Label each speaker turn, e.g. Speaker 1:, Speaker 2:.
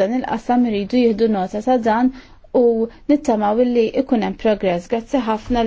Speaker 1: dan il-qasam iridu jihdu nota ta' dan u nittamaw illi ikun hemm progress. Grazzi ħafna